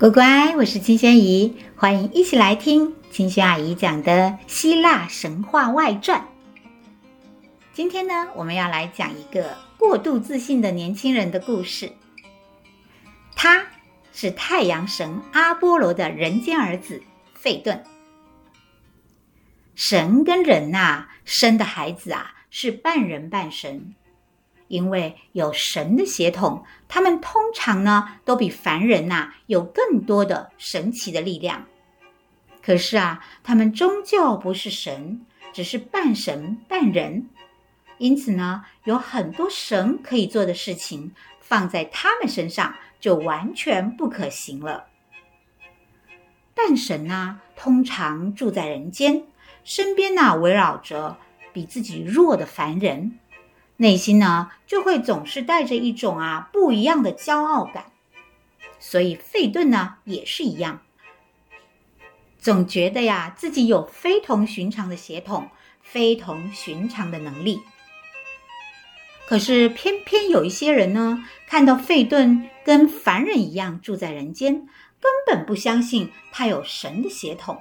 乖乖，我是青萱姨，歡迎一起來聽青萱阿姨講的《希臘神話外傳》。今天呢，我們要來講一個過度自信的年輕人的故事。他是太陽神阿波羅的人間兒子費頓。神跟人吶、啊、生的孩子啊，是半人半神。因為有神的血統，他們通常呢都比凡人吶、啊、有更多的神奇的力量。可是啊，他們終究不是神，只是半神半人。因此呢，有很多神可以做的事情，放在他們身上就完全不可行了。半神呢、啊，通常住在人間，身邊呢、啊、圍繞着比自己弱的凡人。內心呢，就會總是帶着一種啊不一樣的驕傲感，所以費頓呢也是一樣，總覺得呀自己有非同尋常的血統，非同尋常的能力。可是偏偏有一些人呢，看到費頓跟凡人一樣住在人間，根本不相信他有神的血統，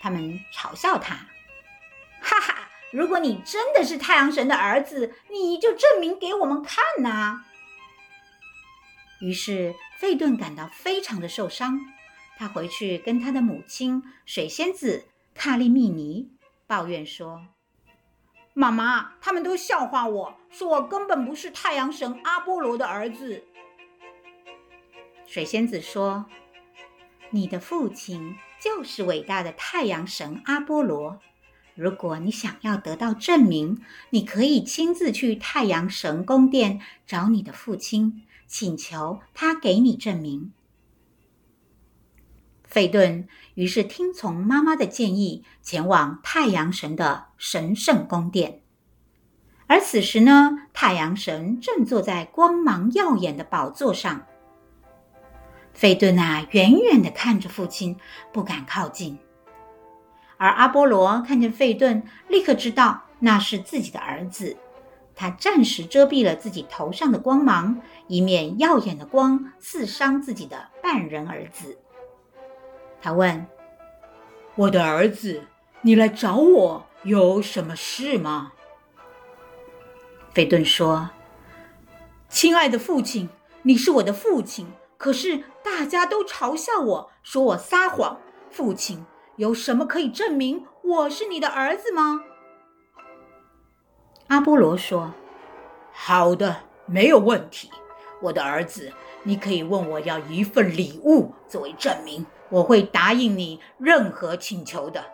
他們嘲笑他，哈哈。如果你真的是太陽神的兒子，你就證明給我們看吶！於是費頓感到非常的受傷，他回去跟他的母親水仙子卡利密尼抱怨說：“媽媽，他們都笑話我，說我根本不是太陽神阿波羅的兒子。”水仙子說：“你的父親就是偉大的太陽神阿波羅。”如果你想要得到證明，你可以親自去太陽神宮殿找你的父親，請求他給你證明。費頓於是聽從媽媽的建議，前往太陽神的神聖宮殿。而此時呢，太陽神正坐在光芒耀眼的寶座上。費頓啊，遠遠的看着父親，不敢靠近。而阿波羅看見費頓，立刻知道那是自己的兒子。他暫時遮蔽了自己頭上的光芒，以免耀眼的光刺傷自己的半人兒子。他問：“我的兒子，你來找我有什麼事嗎？”費頓說：“親愛的父親，你是我的父親，可是大家都嘲笑我說我撒謊，父親。”有什麼可以證明我是你的兒子嗎？阿波羅說：“好的，沒有問題，我的兒子，你可以問我要一份禮物作為證明，我會答應你任何請求的。”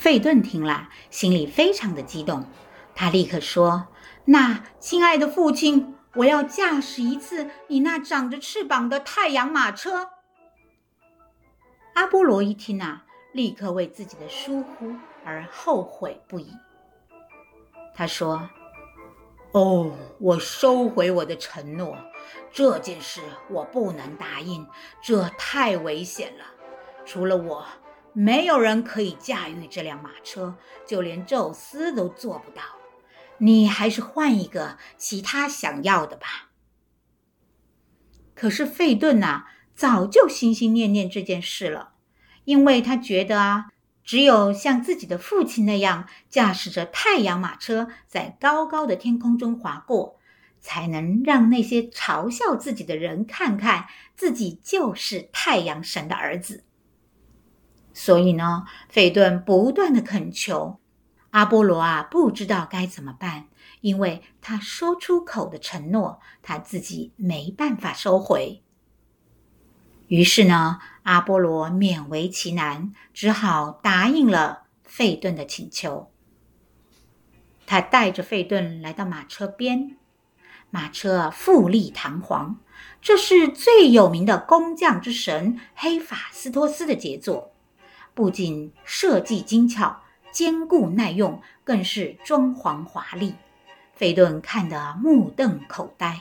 費頓聽了，心裡非常的激動，他立刻說：“那，親愛的父親，我要駕駛一次你那長着翅膀的太陽馬車。”阿波羅一聽啊，立刻為自己的疏忽而後悔不已。他說：“哦，我收回我的承諾，這件事我不能答應，這太危險了。除了我，沒有人可以駕馭這輛馬車，就連宙斯都做不到。你還是換一個其他想要的吧。”可是費頓吶、啊，早就心心念念這件事了，因為他覺得啊，只有像自己的父親那樣駕駛着太陽馬車在高高的天空中劃過，才能讓那些嘲笑自己的人看看自己就是太陽神的兒子。所以呢，費頓不斷的懇求阿波羅啊，不知道該怎麼辦，因為他說出口的承諾，他自己沒辦法收回。於是呢，阿波羅勉為其難，只好答應了費頓的請求。他帶着費頓來到馬車邊，馬車富麗堂皇，這是最有名的工匠之神黑法斯托斯的傑作，不僅設計精巧，堅固耐用，更是裝潢華麗。費頓看得目瞪口呆。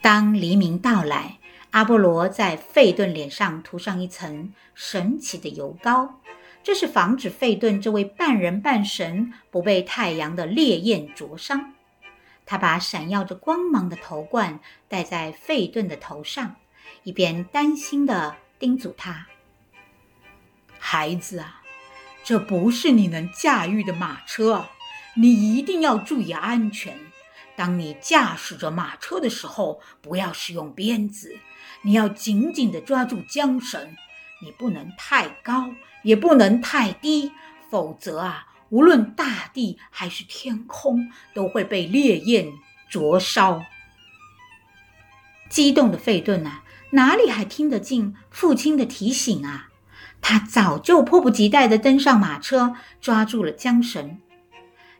當黎明到來，阿波羅在費頓臉上塗上一層神奇的油膏，這是防止費頓這位半人半神不被太陽的烈焰灼傷。他把閃耀着光芒的頭冠戴在費頓的頭上，一邊擔心地叮囑他：“孩子啊，這不是你能駕馭的馬車，你一定要注意安全。”當你駕駛着馬車的時候，不要使用鞭子，你要緊緊地抓住韁繩。你不能太高，也不能太低，否則啊，無論大地還是天空，都會被烈焰灼燒。激動的費頓啊，哪裡還聽得進父親的提醒啊？他早就迫不及待地登上馬車，抓住了韁繩。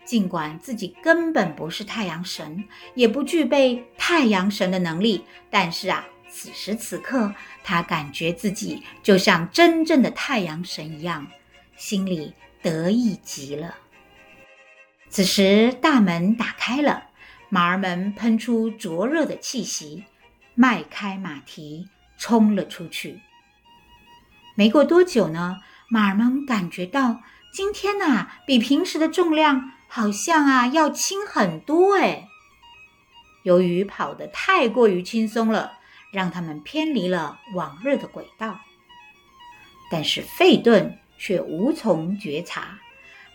儘管自己根本不是太陽神，也不具備太陽神的能力，但是啊，此時此刻，他感覺自己就像真正的太陽神一樣，心裡得意極了。此時大門打開了，馬兒們噴出灼熱的氣息，邁開馬蹄衝了出去。沒過多久呢，馬兒們感覺到。今天吶，比平時的重量好像啊要輕很多誒。由於跑得太過於輕鬆了，讓他們偏離了往日的軌道。但是費頓却無從覺察。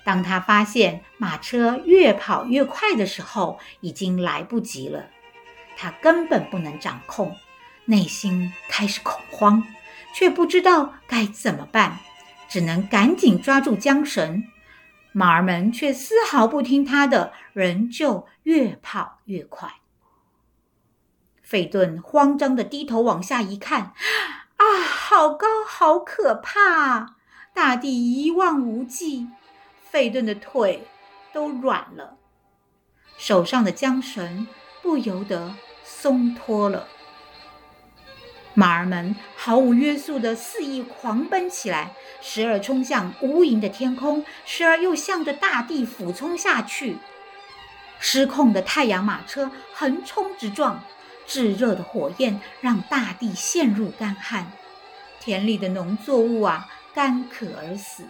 當他發現馬車越跑越快的時候，已經來不及了。他根本不能掌控，內心開始恐慌，却不知道該怎麼辦。只能趕緊抓住韁繩，馬兒們卻絲毫不聽他的，仍舊越跑越快。費頓慌張地低頭往下一看，啊，好高，好可怕！大地一望無際，費頓的腿都軟了，手上的韁繩不由得鬆脫了。馬兒們毫無約束地肆意狂奔起來，時而衝向無垠的天空，時而又向着大地俯衝下去。失控的太陽馬車橫衝直撞，炙熱的火焰讓大地陷入乾旱，田裡的農作物啊乾渴而死，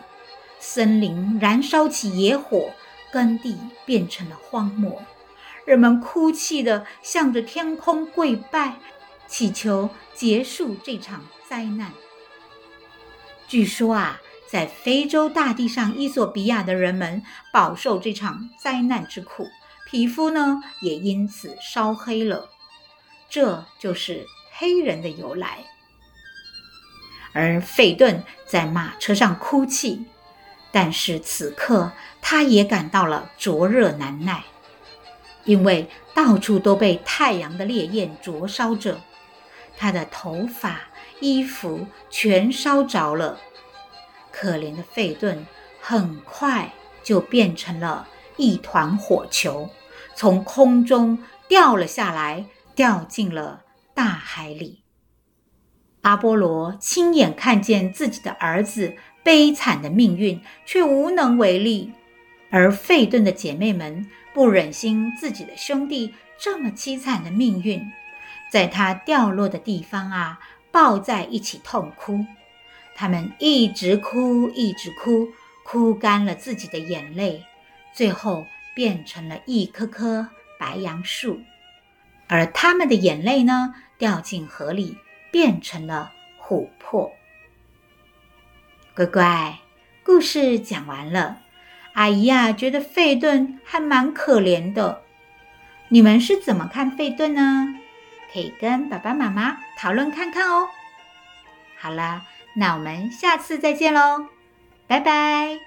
森林燃燒起野火，耕地變成了荒漠，人們哭泣地向着天空跪拜。祈求結束這場災難。據說啊，在非洲大地上，伊索比亞的人們飽受這場災難之苦，皮膚呢也因此燒黑了，這就是黑人的由來。而費頓在馬車上哭泣，但是此刻他也感到了灼熱難耐，因為到處都被太陽的烈焰灼燒着。他的頭髮、衣服全燒着了，可憐的費頓很快就變成了一團火球，從空中掉了下來，掉進了大海裡。阿波羅親眼看見自己的兒子悲慘的命運，卻無能為力，而費頓的姐妹們不忍心自己的兄弟這麼淒慘的命運。在它掉落的地方啊，抱在一起痛哭，他們一直哭，一直哭，哭乾了自己的眼淚，最後變成了一棵棵白楊樹，而他們的眼淚呢，掉進河裡，變成了琥珀。乖乖，故事講完了，阿姨啊，覺得費頓還蠻可憐的，你們是怎麼看費頓呢？可以跟爸爸媽媽討論看看哦。好了，那我們下次再見嘍，拜拜。